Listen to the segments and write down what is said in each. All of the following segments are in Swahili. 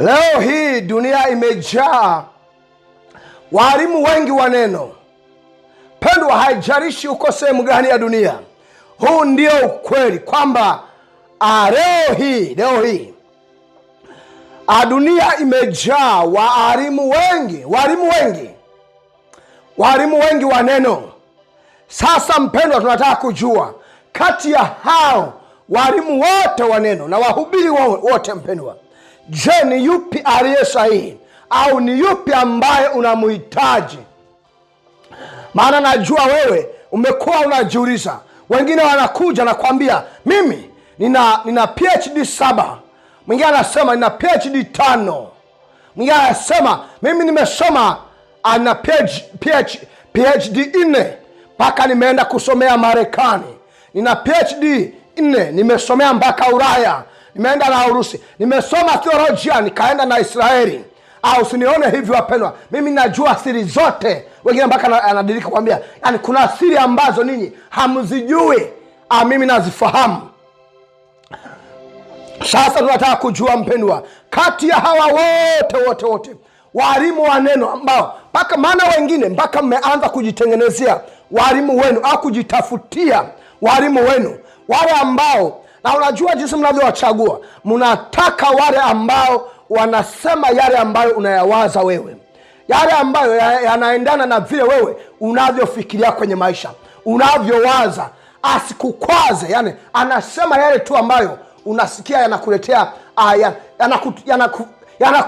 Leo hii dunia imejaa walimu wengi wa neno. Pendwa, haijarishi uko sehemu gani ya dunia, huu ndio ukweli kwamba ah, leo hii leo hii ah, dunia imejaa walimu wengi walimu wengi walimu wengi wa neno. Sasa mpendwa, tunataka kujua kati ya hao walimu wote wa neno na wahubiri wote, mpendwa Je, ni yupi aliye sahihi au ni yupi ambaye unamhitaji? Maana najua wewe umekuwa unajiuliza. Wengine wanakuja kuambia mimi nina nina PhD saba, mwingine anasema nina PhD tano, mwingine anasema mimi nimesoma ana ah, PhD nne mpaka nimeenda kusomea Marekani, nina PhD nne nimesomea mpaka Ulaya nimeenda na Urusi, nimesoma theolojia nikaenda na Israeli au usinione hivyo wapendwa, mimi najua siri zote. Wengine mpaka anadirika kuambia, yani kuna siri ambazo ninyi hamzijui, ah, mimi nazifahamu. Sasa tunataka kujua mpendwa, kati ya hawa wote wote wote walimu wa neno ambao mpaka maana wengine mpaka mmeanza kujitengenezea walimu wenu au kujitafutia walimu wenu, wale ambao na unajua jinsi mnavyowachagua. Mnataka wale ambao wanasema yale ambayo unayawaza wewe, yale ambayo yanaendana na vile wewe unavyofikiria kwenye maisha, unavyowaza. Asikukwaze, yani anasema yale tu ambayo unasikia yanakuletea ah, yana yanaku, yana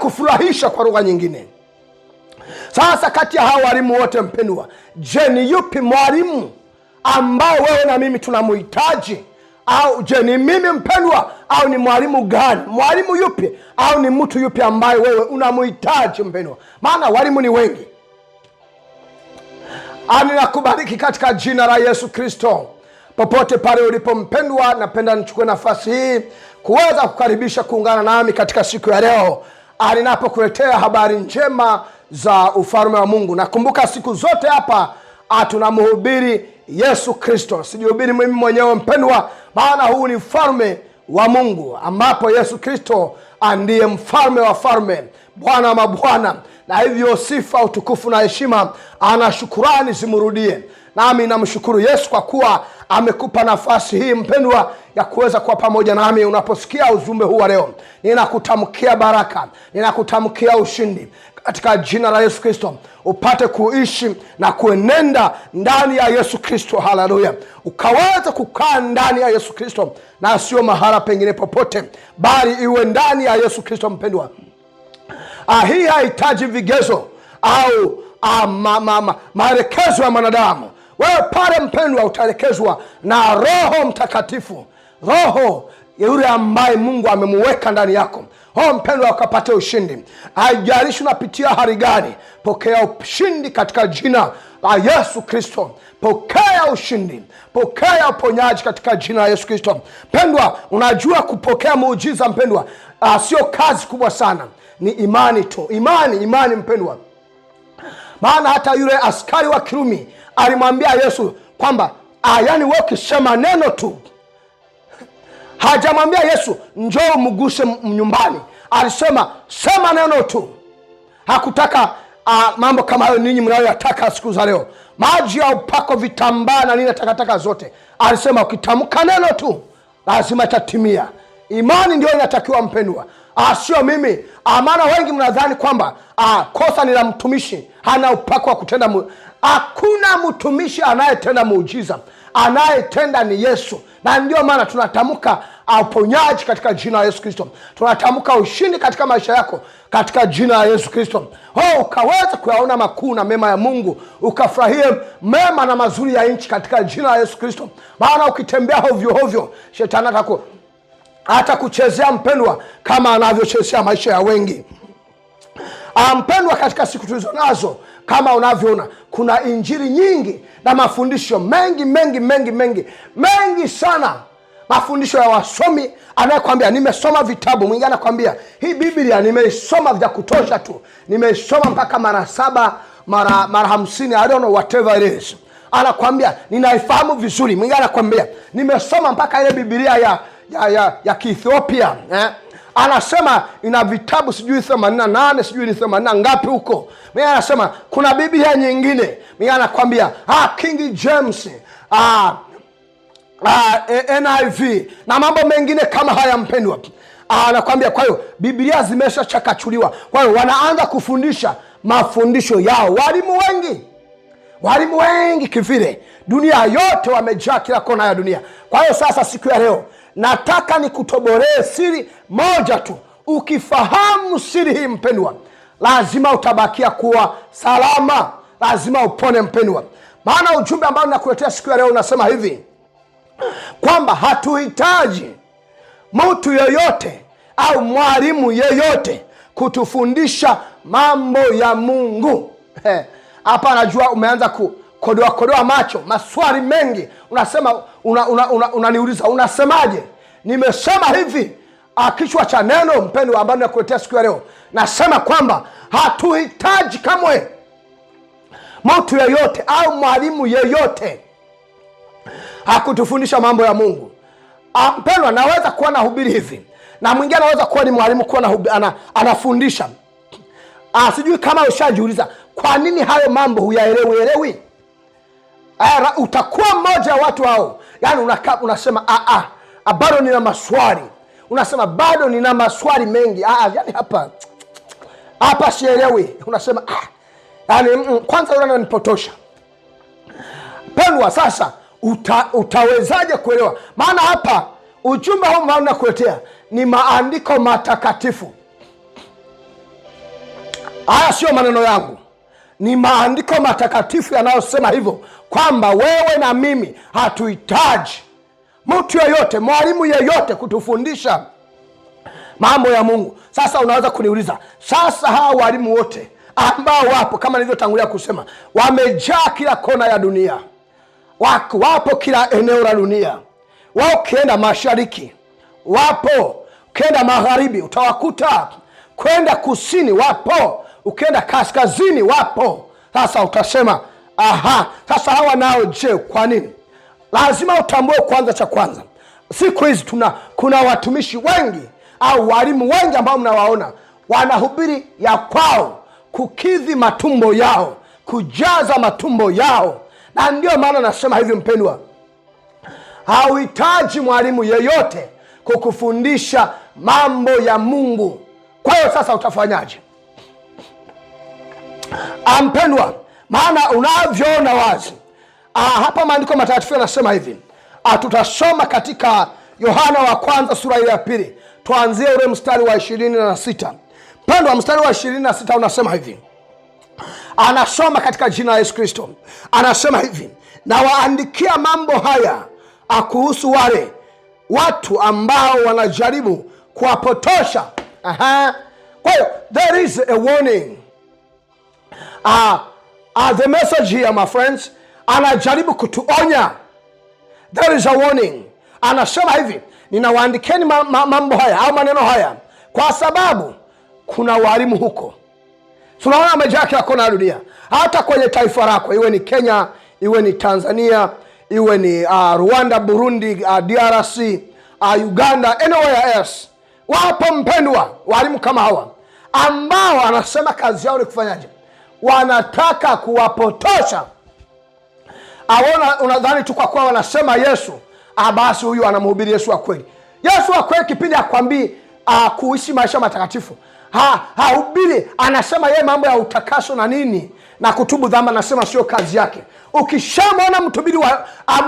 kwa lugha nyingine. Sasa kati ya hao walimu wote, mpendwa, je, ni yupi mwalimu ambao wewe na mimi tunamhitaji? au je, ni mimi mpendwa, au ni mwalimu gani? Mwalimu yupi au ni mtu yupi ambaye wewe unamhitaji mpendwa? Maana walimu ni wengi. Ah, ninakubariki katika jina la Yesu Kristo popote pale ulipo mpendwa, napenda nichukue nafasi hii kuweza kukaribisha kuungana nami katika siku ya leo ah, ninapokuletea habari njema za ufalme wa Mungu. Nakumbuka siku zote hapa ah, tunamhubiri Yesu Kristo, sijihubiri mimi mwenyewe mpendwa, maana huu ni mfalme wa Mungu ambapo Yesu Kristo ah, ndiye mfalme wa falme, Bwana wa mabwana, na hivyo sifa, utukufu na heshima ana ah, shukurani zimrudie. Nami namshukuru Yesu kwa kuwa amekupa nafasi hii mpendwa ya kuweza kuwa pamoja nami. Unaposikia ujumbe huu wa leo, ninakutamkia baraka, ninakutamkia ushindi, katika jina la Yesu Kristo upate kuishi na kuenenda ndani ya Yesu Kristo. Haleluya! ukaweza kukaa ndani ya Yesu Kristo na sio mahala pengine popote, bali iwe ndani ya Yesu Kristo. Mpendwa, ah, hii hahitaji vigezo au ah, maelekezo ya mwanadamu. Wewe pale mpendwa, utaelekezwa na Roho Mtakatifu, Roho yule ambaye Mungu amemuweka ndani yako o oh, mpendwa, ukapate ushindi. Haijalishi unapitia hari gani, pokea ushindi katika jina la Yesu Kristo. Pokea ushindi, pokea uponyaji katika jina la Yesu Kristo. Mpendwa, unajua kupokea muujiza mpendwa, uh, sio kazi kubwa sana, ni imani tu, imani, imani mpendwa. Maana hata yule askari wa Kirumi alimwambia Yesu kwamba, ah, yani wekisema ukisema neno tu Hajamwambia Yesu njoo mguse nyumbani, alisema sema neno tu. Hakutaka a, ah, mambo kama hayo ninyi mnayoyataka siku za leo, maji ya upako, vitambaa na nini, takataka zote. Alisema ukitamka neno tu lazima itatimia. Imani ndio inatakiwa mpendwa, ah, sio mimi. Ah, maana wengi mnadhani kwamba a, kosa ni la mtumishi, hana upako wa kutenda. Hakuna mtumishi anayetenda muujiza anayetenda ni Yesu, na ndiyo maana tunatamka uponyaji katika jina la Yesu Kristo. Tunatamka ushindi katika maisha yako katika jina la Yesu Kristo. Oh, ukaweza kuyaona makuu na mema ya Mungu, ukafurahie mema na mazuri ya nchi katika jina la Yesu Kristo. Maana ukitembea hovyo hovyo, shetani ataku hata kuchezea mpendwa, kama anavyochezea maisha ya wengi. Ah, mpendwa, katika siku tulizo nazo kama unavyoona kuna injili nyingi na mafundisho mengi mengi mengi mengi mengi sana, mafundisho ya wasomi. Anayekwambia nimesoma vitabu, mwingine anakwambia hii Biblia nimeisoma vya kutosha tu, nimeisoma mpaka mara saba mara mara hamsini, I don't whatever it is. Anakwambia ninaifahamu vizuri, mwingine anakwambia nimesoma mpaka ile bibilia ya ya ya, ya Kiethiopia eh? anasema ina vitabu sijui themanini nane sijui ni themanini ngapi huko. Mi anasema kuna Biblia nyingine, mi anakwambia ah, King James ah, ah, eh, NIV na mambo mengine kama haya, mpendwa ah, anakwambia ah. Kwa hiyo Biblia zimeshachakachuliwa, kwa hiyo wanaanza kufundisha mafundisho yao. Walimu wengi walimu wengi kivile, dunia yote wamejaa kila kona ya dunia. Kwa hiyo sasa, siku ya leo nataka nikutoboree siri moja tu, ukifahamu siri hii mpendwa, lazima utabakia kuwa salama, lazima upone mpendwa. Maana ujumbe ambao ninakuletea siku ya leo unasema hivi kwamba hatuhitaji mtu yoyote au mwalimu yeyote kutufundisha mambo ya Mungu. Hapa najua umeanza kukodoa kodoa macho, maswali mengi unasema, unaniuliza una, una, una, unasemaje? Nimesema hivi Ah, kichwa cha neno mpendo ambao nakuletea siku ya leo, nasema kwamba hatuhitaji kamwe mtu yeyote au mwalimu yeyote hakutufundisha mambo ya Mungu. Ah, mpendwa, naweza kuwa nahubiri hivi na mwingine anaweza kuwa ni mwalimu kuwa ana, anafundisha ah, sijui kama ushajiuliza kwa nini hayo mambo huyaelewi elewi. Ah, utakuwa mmoja wa watu hao, yani unaka, unasema bado nina maswali unasema bado nina maswali mengi. Ah, ah, yani hapa hapa sielewi. Unasema ah, yani mm, mm kwanza unanipotosha pendwa. Sasa uta, utawezaje kuelewa? Maana hapa ujumbe huu mbao nakuletea ni maandiko matakatifu. Haya siyo maneno yangu, ni maandiko matakatifu yanayosema hivyo kwamba wewe na mimi hatuhitaji mtu yeyote, mwalimu yeyote kutufundisha mambo ya Mungu. Sasa unaweza kuniuliza, sasa hawa walimu wote ambao wapo kama nilivyotangulia kusema, wamejaa kila kona ya dunia, wako wapo kila eneo la dunia. Wao ukienda mashariki wapo, ukienda magharibi utawakuta, kwenda kusini wapo, ukienda kaskazini wapo. Sasa utasema aha, sasa hawa nao je, kwa nini lazima utambue kwanza, cha kwanza, siku hizi tuna kuna watumishi wengi au walimu wengi ambao mnawaona wanahubiri ya kwao kukidhi matumbo yao, kujaza matumbo yao, na ndiyo maana nasema hivyo mpendwa, hauhitaji mwalimu yeyote kukufundisha mambo ya Mungu. Kwa hiyo sasa utafanyaje? Ampendwa, ah, maana unavyoona wazi Ah, hapa maandiko matakatifu yanasema hivi, ah, tutasoma katika Yohana wa kwanza sura ile ya pili, tuanzie ule mstari wa ishirini na sita pando wa mstari wa ishirini na sita unasema hivi, anasoma katika jina la Yesu Kristo, anasema hivi, nawaandikia mambo haya akuhusu ah, wale watu ambao wanajaribu kuwapotosha. Kwa hiyo there is a warning. Uh, uh, the message here my friends anajaribu kutuonya. There is a warning. Anasema hivi, ninawaandikeni mambo haya au maneno haya kwa sababu kuna walimu huko. Tunaona maji yake yako na dunia, hata kwenye taifa lako, iwe ni Kenya, iwe ni Tanzania, iwe ni uh, Rwanda, Burundi, uh, DRC, uh, Uganda, anywhere wapo mpendwa, walimu kama hawa ambao anasema kazi yao ni kufanyaje? Wanataka kuwapotosha Awona, unadhani tu kwa kuwa wanasema Yesu ah, basi huyu anamhubiri Yesu wa kweli. Yesu wa kweli kipindi akwambii ah, kuishi maisha matakatifu ha hahubiri, anasema yeye mambo ya utakaso na nini na kutubu dhamba anasema sio kazi yake. Ukishamwona mhubiri wa, ah,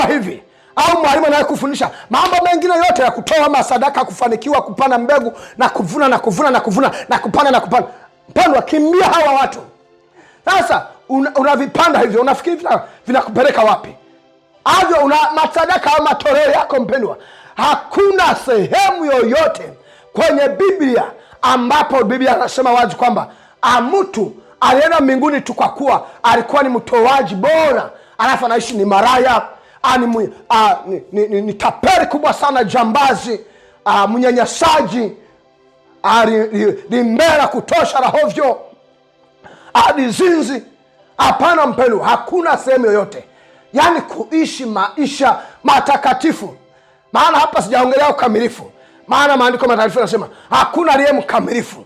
wa hivi au mwalimu anayekufundisha mambo mengine yote ya kutoa masadaka, kufanikiwa, kupanda mbegu na kuvuna na kuvuna na kuvuna na kupanda na kupanda, mpendwa, kimbia hawa watu sasa unavipanda una hivyo, unafikiri vinakupeleka wapi? Avyo una masadaka au matoleo yako mpendwa, hakuna sehemu yoyote kwenye Biblia ambapo Biblia anasema wazi kwamba amtu ah, alienda mbinguni tu kwa kuwa alikuwa ni mtoaji bora, alafu anaishi ni maraya ani, ah, ah, ni, ni, ni, ni taperi kubwa sana, jambazi, mnyanyasaji, limbera kutosha rahovyo adizinzi adi zinzi Hapana mpendwa, hakuna sehemu yoyote, yaani kuishi maisha matakatifu. Maana hapa sijaongelea ukamilifu, maana maandiko matakatifu yanasema hakuna aliye mkamilifu,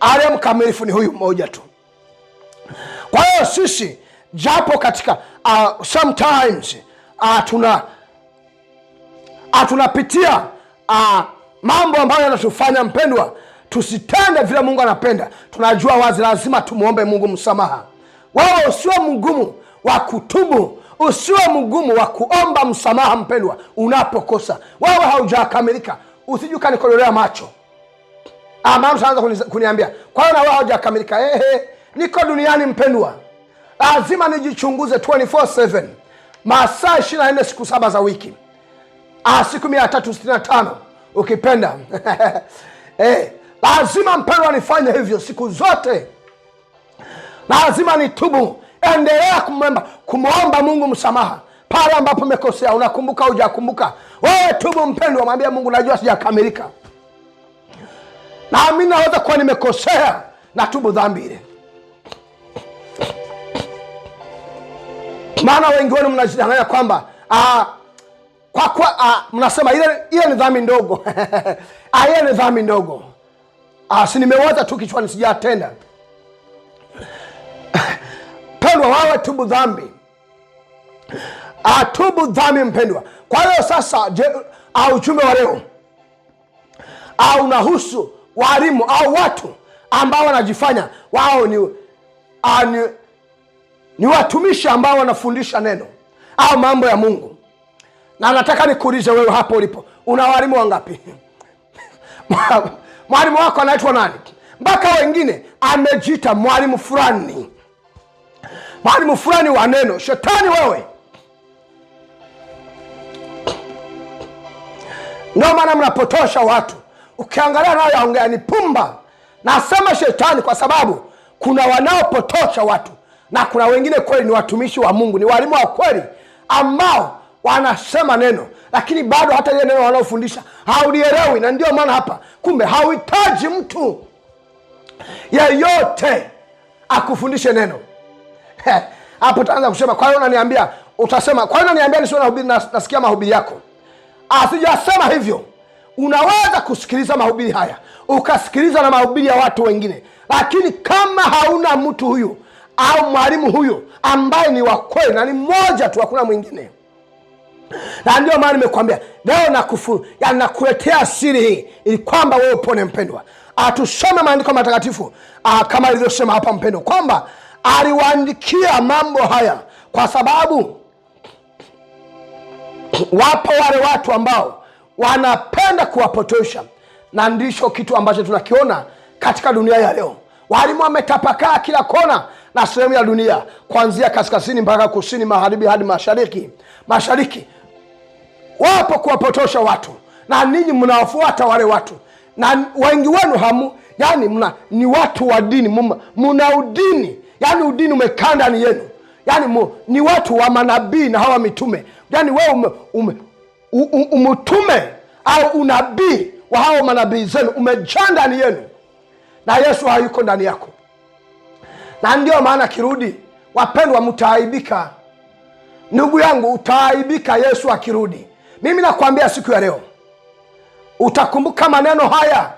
aliye mkamilifu ni huyu mmoja tu. Kwa hiyo sisi japo katika uh, sometimes uh, tuna uh, tunapitia uh, mambo ambayo yanatufanya mpendwa, tusitende vile Mungu anapenda. Tunajua wazi lazima tumwombe Mungu msamaha wewe usiwe mgumu wa kutubu, usiwe mgumu wa kuomba msamaha, mpendwa, unapokosa. Wewe haujakamilika, usijukani macho ambayo kuniambia kwa hiyo na haujakamilika. Ehe, niko duniani mpendwa, lazima nijichunguze 24 masaa 24 siku saba za wiki, ah, siku 365 ukipenda. Eh, lazima mpendwa nifanye hivyo siku zote lazima nitubu. Endelea kumwomba kumwomba Mungu msamaha pale ambapo umekosea. Unakumbuka hujakumbuka, wewe tubu mpendwa, mwambie Mungu, najua sijakamilika, nami naweza kuwa nimekosea, na tubu dhambi ile. Maana wengi wenu mnajidanganya kwamba ah, kwa kwa ah, mnasema ile ile ni dhambi ndogo ah, ile ni dhambi ndogo ah, si nimewaza tu kichwani, sijatenda. Mpendwa, wawe tubu dhambi, atubu dhambi mpendwa. Kwa hiyo sasa, je, au ujumbe wa leo au nahusu walimu au watu ambao wanajifanya wao ni, ni, ni watumishi ambao wanafundisha neno au mambo ya Mungu, na nataka nikuulize wewe hapo ulipo, una walimu wangapi? mwalimu wako anaitwa nani? Mpaka wengine amejiita mwalimu fulani mwalimu fulani wa neno. Shetani wewe! Ndio maana mnapotosha watu. Ukiangalia yaongea ni pumba. Nasema shetani kwa sababu kuna wanaopotosha watu na kuna wengine kweli ni watumishi wa Mungu, ni walimu wa kweli ambao wanasema neno, lakini bado hata ile neno wanaofundisha haulielewi. Na ndio maana hapa, kumbe hauhitaji mtu yeyote akufundishe neno hapo utaanza kusema, kwa hiyo unaniambia, utasema kwa hiyo unaniambia nisiwe nahubiri, nasikia mahubiri yako. Asijasema ah, hivyo. Unaweza kusikiliza mahubiri haya ukasikiliza na mahubiri ya watu wengine, lakini kama hauna mtu huyu au mwalimu huyu ambaye ni wa kweli na ni mmoja tu, hakuna mwingine, na ndio maana nimekwambia leo nakufu, yani nakuletea siri hii ili kwamba wewe upone, mpendwa. Atusome ah, maandiko matakatifu ah, kama ilivyosema hapa, mpendwa, kwamba aliwaandikia mambo haya kwa sababu wapo wale watu ambao wanapenda kuwapotosha, na ndicho kitu ambacho tunakiona katika dunia ya leo. Walimu wametapakaa kila kona na sehemu ya dunia, kuanzia kaskazini mpaka kusini, magharibi hadi mashariki. Mashariki wapo kuwapotosha watu, na ninyi mnawafuata wale watu, na wengi wenu hamu, yani mna, ni watu wa dini, muna udini yaani udini umekaa ndani yenu, yaani ni watu wa manabii na hawa mitume, yaani wewe ume, ume, umutume au unabii wa hawa manabii zenu umejaa ndani yenu, na Yesu hayuko ndani yako, na ndiyo maana akirudi, wapendwa, mtaaibika. Ndugu yangu, utaaibika Yesu akirudi. Mimi nakwambia siku ya leo utakumbuka maneno haya,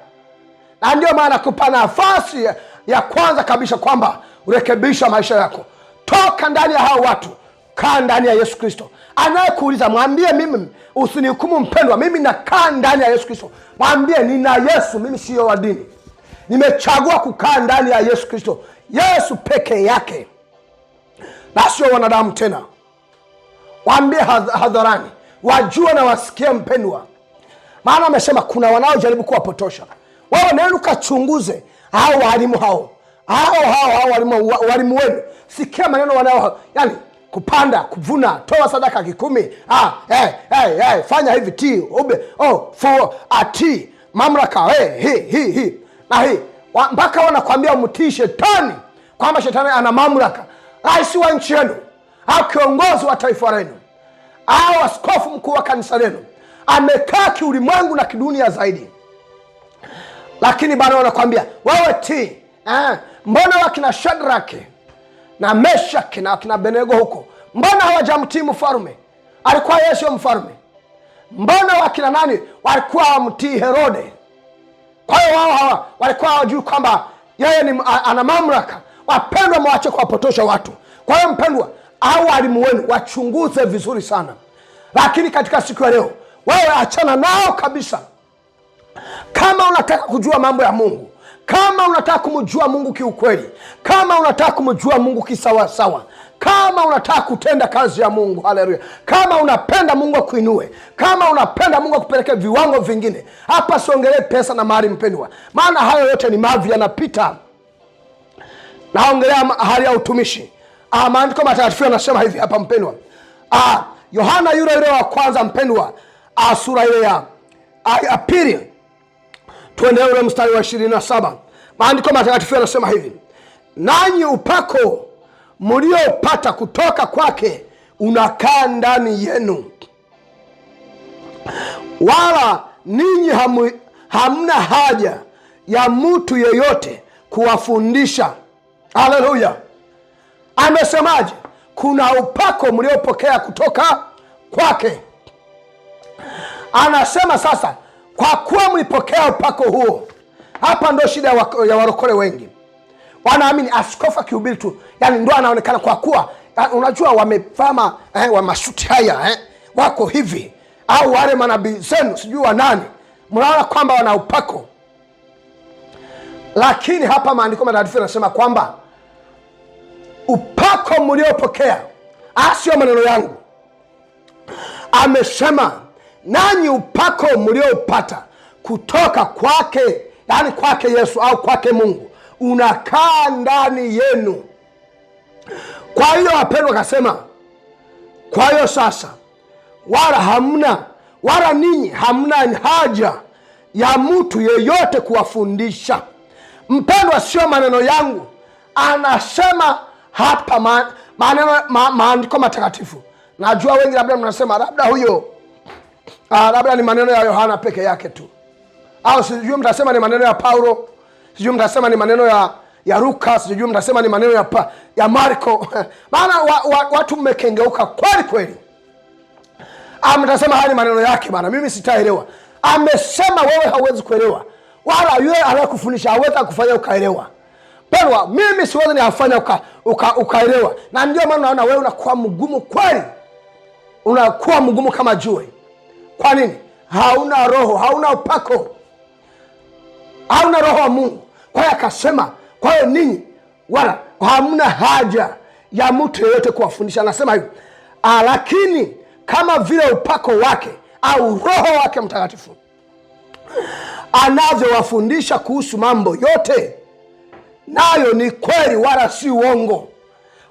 na ndiyo maana kupa nafasi ya kwanza kabisa kwamba rekebisha maisha yako, toka ndani ya hao watu, kaa ndani ya Yesu Kristo. Anayekuuliza mwambie, mimi usinihukumu mpendwa, mimi nakaa ndani ya Yesu Kristo. Mwambie nina Yesu, mimi siyo wa dini, nimechagua kukaa ndani ya Yesu Kristo, Yesu peke yake na sio wanadamu tena. Waambie hadharani, wajua na wasikie mpendwa, maana amesema kuna wanaojaribu kuwapotosha. Wewe nenda ukachunguze hao waalimu hao hao hao hao walimu wenu, sikia maneno wanao, yani kupanda, kuvuna, toa sadaka kikumi, ah, hey, eh, eh, hey, eh, hey, fanya hivi ti ube oh, for ati mamlaka hey, hi hi hi na hii mpaka wanakwambia mtii shetani kwamba shetani ana mamlaka. Rais wa nchi yenu au kiongozi wa taifa lenu au askofu mkuu wa kanisa lenu amekaa kiulimwengu na kidunia zaidi, lakini bado wanakwambia wewe ti ah. Mbona wakina Shadrake na meshake na wakina Benego huko mbona hawajamtii mfalume? Alikuwa yeye sio mfalume. Mbona wakina nani walikuwa wamtii Herode? Kwa hiyo wao hawa walikuwa hawajui kwamba yeye ni ana mamlaka. Wapendwa, mwache kuwapotosha watu. Kwa hiyo mpendwa, au walimu wenu wachunguze vizuri sana, lakini katika siku ya leo wewe achana nao kabisa. Kama unataka kujua mambo ya Mungu kama unataka kumjua Mungu kiukweli, kama unataka kumjua Mungu kisawasawa, kama unataka kutenda kazi ya Mungu, haleluya, kama unapenda Mungu akuinue, kama unapenda Mungu akupeleke viwango vingine, hapa siongelee pesa na mahali, mpendwa, maana hayo yote ni mavi, yanapita. Naongelea hali ya utumishi. Ah, maandiko matakatifu yanasema hivi hapa, mpendwa. Ah, Yohana yule yule wa kwanza, mpendwa, ah, sura ile ya ah, pili Tuendelee ule mstari wa ishirini na saba. Maandiko matakatifu yanasema hivi, nanyi upako mliopata kutoka kwake unakaa ndani yenu, wala ninyi hamu, hamna haja ya mtu yeyote kuwafundisha. aleluya Amesemaje? Kuna upako mliopokea kutoka kwake. Anasema sasa kwa kuwa mlipokea upako huo. Hapa ndo shida ya warokole wengi, wanaamini askofu akihubiri tu, yani ndo anaonekana. Kwa kuwa unajua wamevaa eh, wa mashuti haya eh, wako hivi, au wale manabii zenu sijui wa nani, mnaona kwamba wana upako, lakini hapa maandiko matakatifu yanasema kwamba upako mliopokea, asio ah, maneno yangu, amesema nanyi upako mlioupata kutoka kwake, yani kwake Yesu au kwake Mungu unakaa ndani yenu. Kwa hiyo wapendwa, akasema kwa hiyo sasa, wala hamna wala ninyi hamna haja ya mtu yeyote kuwafundisha. Mpendwa, sio maneno yangu, anasema hapa ma, ma, ma, maandiko matakatifu. Najua wengi labda mnasema labda huyo ah, labda ni maneno ya Yohana peke yake tu, au sijui mtasema ni maneno ya Paulo, sijui mtasema ni maneno ya ya Luka, sijui mtasema ni maneno ya pa, ya Marko maana wa, wa, watu mmekengeuka kweli kweli. Ah, mtasema haya ni maneno yake bana, mimi sitaelewa. Amesema wewe hauwezi kuelewa, wala yule anayekufundisha hawezi kufanya ukaelewa. Pendwa, mimi siwezi niafanya ukaelewa uka, uka na ndio maana naona wewe unakuwa mgumu kweli, unakuwa mgumu kama jue. Kwa nini? Hauna roho, hauna upako, hauna roho wa Mungu. Kwa hiyo akasema, kwa hiyo ninyi wala hamna haja ya mtu yeyote kuwafundisha. Anasema hivi, lakini kama vile upako wake au roho wake Mtakatifu anavyowafundisha kuhusu mambo yote, nayo ni kweli, wala si uongo.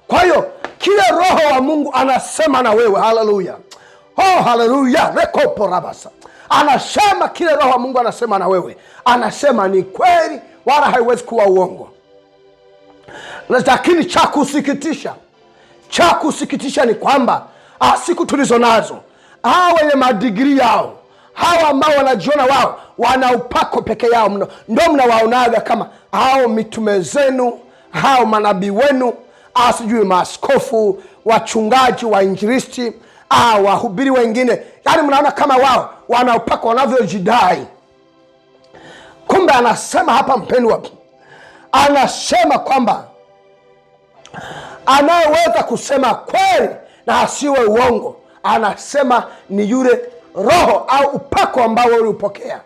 Kwa hiyo kile roho wa Mungu anasema na wewe. Haleluya! Oh, haleluya rekoporabasa. Anasema kile Roho wa Mungu anasema na wewe, anasema ni kweli, wala haiwezi kuwa uongo. Lakini cha kusikitisha, cha kusikitisha ni kwamba ah, siku tulizo nazo, hawa wenye madigrii yao, hawa ambao wanajiona wao wana upako peke yao mno, ndo mnawaonaga kama hao mitume zenu, hao manabii wenu, ah, sijui maaskofu, wachungaji, wainjilisti Ah, wahubiri wengine, yaani mnaona kama wao wanaopaka wanavyojidai. Kumbe anasema hapa, mpendwa, anasema kwamba anayeweza kusema kweli na asiwe uongo, anasema ni yule Roho au upako ambao uliupokea.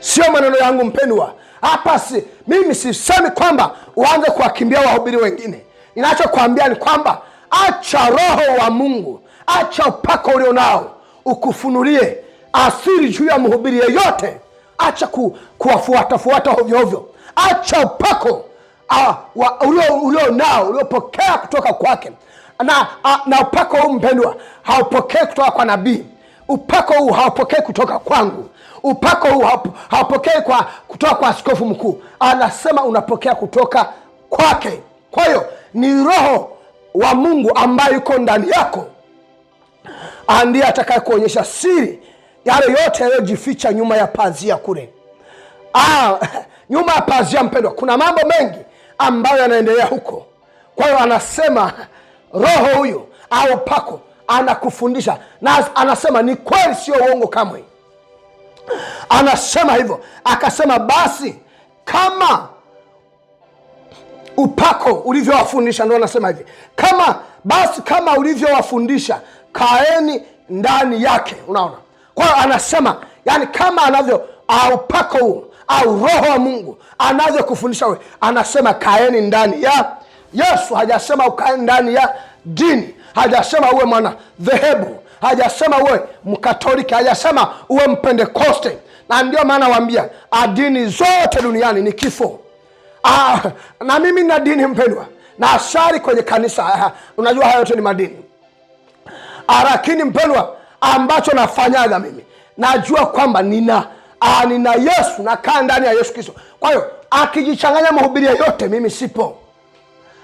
Sio maneno yangu mpendwa hapa, si mimi, sisemi kwamba uanze kuwakimbia wahubiri wengine. Ninachokwambia ni kwamba Acha Roho wa Mungu, acha upako ulio nao ukufunulie asiri juu ya mhubiri yeyote. Acha ku, kuwafuatafuata hovyohovyo. Acha upako ulio nao uliopokea kutoka kwake na, a, na upako huu mpendwa, haupokee kutoka kwa nabii. Upako huu haupokee kutoka kwangu. Upako huu haupokee kwa, kutoka kwa askofu mkuu. Anasema unapokea kutoka kwake. Kwa hiyo ni Roho wa Mungu ambaye yuko ndani yako ndiye atakayekuonyesha siri yale yote yaliyojificha nyuma ya pazia kule. Ah, nyuma ya pazia, mpendwa, kuna mambo mengi ambayo yanaendelea huko. Kwa hiyo anasema roho huyo au pako anakufundisha na anasema ni kweli, sio uongo kamwe. Anasema hivyo, akasema basi kama upako ulivyowafundisha, ndio anasema hivi, kama basi kama ulivyowafundisha kaeni ndani yake. Unaona, kwa hiyo anasema yani kama anavyo upako huo au roho wa Mungu anavyokufundisha wewe, anasema kaeni ndani ya Yesu. Hajasema ukae ndani ya dini, hajasema uwe mwana dhehebu, hajasema uwe Mkatoliki, hajasema uwe Mpentekoste. Na ndio maana waambia adini zote duniani ni kifo ah, na mimi na dini mpendwa, na ashari kwenye kanisa ah, unajua hayo yote ni madini ah, lakini mpendwa, ambacho nafanyaga mimi najua kwamba nina ah, nina Yesu, nakaa ndani ya Yesu Kristo. Kwa hiyo akijichanganya mahubiri yote mimi sipo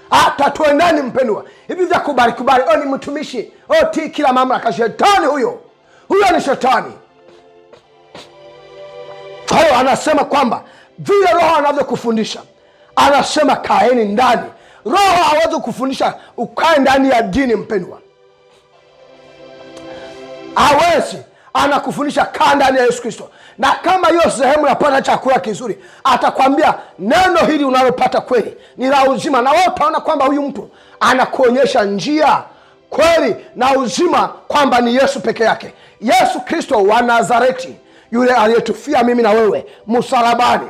hata ah, tuendani mpendwa, hivi vya kubali kubali, oh ni mtumishi, oh ti kila mamlaka. Shetani huyo huyo, ni shetani. Kwa hiyo anasema kwamba vile Roho anavyokufundisha anasema kaeni ndani. Roho hawezi kufundisha ukae ndani ya dini, mpendwa, hawezi. Anakufundisha kaa ndani ya Yesu Kristo, na kama hiyo sehemu napata chakula kizuri, atakwambia neno hili unalopata kweli ni la uzima, na wewe utaona kwamba huyu mtu anakuonyesha njia kweli na uzima, kwamba ni Yesu peke yake, Yesu Kristo wa Nazareti, yule aliyetufia mimi na wewe msalabani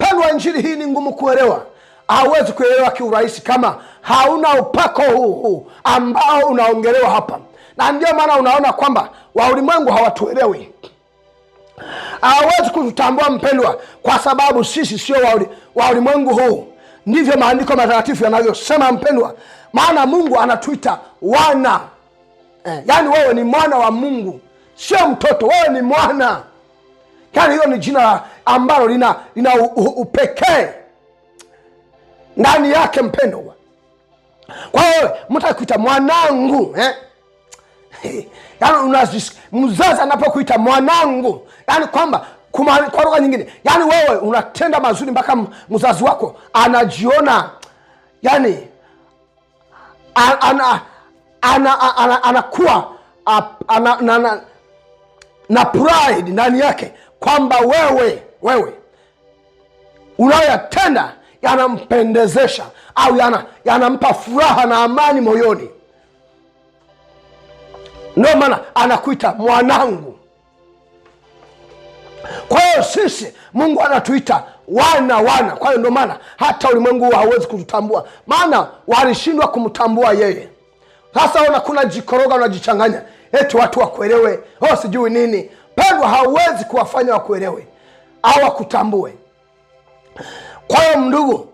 Mpendwa, injili hii ni ngumu kuelewa, hawezi kuelewa kiurahisi kama hauna upako huu huu ambao unaongelewa hapa, na ndio maana unaona kwamba wa ulimwengu hawatuelewi, hawezi kututambua mpendwa, kwa sababu sisi sio wa ulimwengu huu. Ndivyo maandiko matakatifu yanavyosema mpendwa, maana Mungu anatuita wana eh, yaani wewe ni mwana wa Mungu, sio mtoto, wewe ni mwana. Yani hiyo ni jina la ambalo lina, lina upekee ndani yake mpendwa. Kwa hiyo mtu akikuita mwanangu eh? Yani mzazi anapokuita mwanangu, yani kwamba kwa lugha nyingine, yani wewe unatenda mazuri mpaka mzazi wako anajiona yani anakuwa ana, ana, ana, ana, ana, ana, na pride ndani yake kwamba wewe wewe unayoyatenda yanampendezesha au yana, yanampa furaha na amani moyoni. Ndio maana anakuita mwanangu. Kwa hiyo sisi Mungu anatuita wana wana. Kwa hiyo ndio maana hata ulimwengu huu hawezi kututambua, maana walishindwa kumtambua yeye. Sasa ona, kuna jikoroga unajichanganya, eti watu wakuelewe, o oh, sijui nini. Pendwa, hauwezi kuwafanya wakuelewe au akutambue. Kwa hiyo ndugu,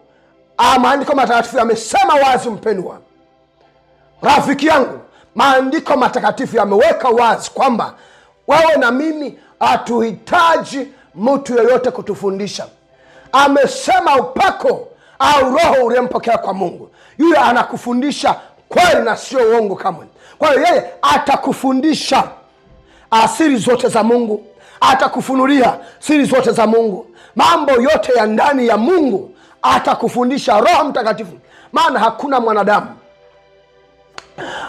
maandiko matakatifu yamesema wazi, mpendwa rafiki yangu, maandiko matakatifu yameweka wazi kwamba wewe na mimi hatuhitaji mtu yeyote kutufundisha. Amesema upako au Roho uliyempokea kwa Mungu yule anakufundisha kweli na sio uongo kamwe. Kwa hiyo yeye atakufundisha asiri zote za Mungu atakufunulia siri zote za Mungu, mambo yote ya ndani ya Mungu atakufundisha Roho Mtakatifu, maana hakuna mwanadamu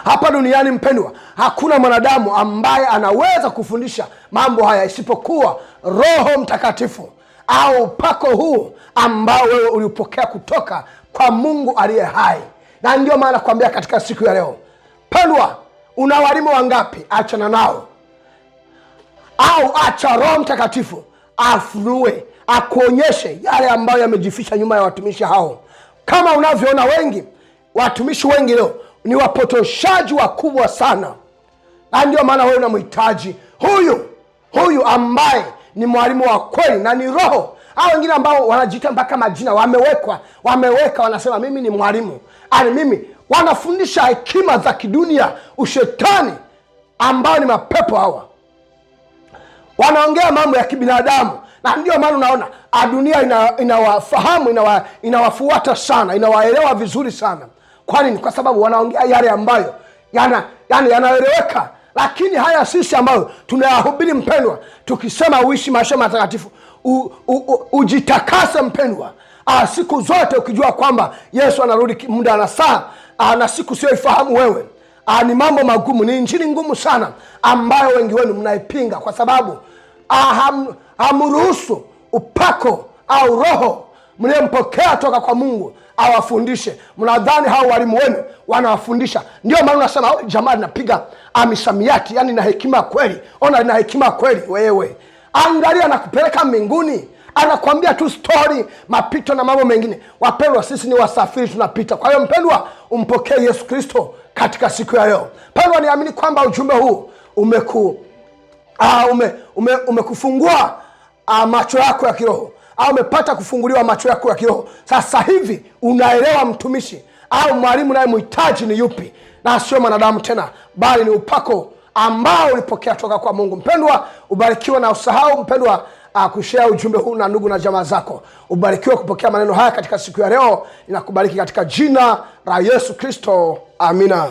hapa duniani mpendwa, hakuna mwanadamu ambaye anaweza kufundisha mambo haya isipokuwa Roho Mtakatifu au upako huu ambao wewe ulipokea kutoka kwa Mungu aliye hai. Na ndio maana kuambia katika siku ya leo, pendwa, una walimu wangapi? Achana nao au acha Roho Mtakatifu afunue, akuonyeshe yale ambayo yamejificha nyuma ya watumishi hao. Kama unavyoona wengi, watumishi wengi leo ni wapotoshaji wakubwa sana, na ndio maana wewe unamhitaji huyu huyu ambaye ni mwalimu wa kweli na ni Roho. Hao wengine ambao wanajiita mpaka majina wamewekwa, wameweka, wanasema mimi ni mwalimu ani mimi, wanafundisha hekima za kidunia, ushetani ambao ni mapepo hawa wanaongea mambo ya kibinadamu, na ndio maana unaona ah, dunia inawafahamu, ina inawafuata sana, inawaelewa vizuri sana. kwanini kwa sababu wanaongea yale ambayo yana yani yanaeleweka. Lakini haya sisi ambayo tunayahubiri, mpendwa, tukisema uishi maisha matakatifu, ujitakase mpendwa, ah, siku zote ukijua kwamba Yesu anarudi muda na saa ah, na siku siyoifahamu wewe Aa, ah, ni mambo magumu, ni injili ngumu sana ambayo wengi wenu mnaipinga kwa sababu ah, hamruhusu upako au roho mliyempokea toka kwa Mungu awafundishe. Mnadhani hao walimu wenu wanawafundisha. Ndio maana unasema jamaa linapiga amisamiati yani na hekima kweli, ona lina hekima kweli. Wewe angalia, anakupeleka mbinguni anakwambia tu stori, mapito na mambo mengine. Wapendwa, sisi ni wasafiri, tunapita. Kwa hiyo mpendwa, umpokee Yesu Kristo katika siku ya leo. Pendwa, niamini kwamba ujumbe huu umeku uh, ume, ume, umekufungua ah, macho yako ya kiroho au ah, umepata kufunguliwa macho yako ya kiroho. Sasa hivi unaelewa mtumishi au mwalimu naye mhitaji ni yupi, na sio mwanadamu tena, bali ni upako ambao ulipokea toka kwa Mungu. Mpendwa, ubarikiwa na usahau mpendwa Ah, kushea ujumbe huu na ndugu na jamaa zako. Ubarikiwe kupokea maneno haya katika siku ya leo. Ninakubariki katika jina la Yesu Kristo, amina.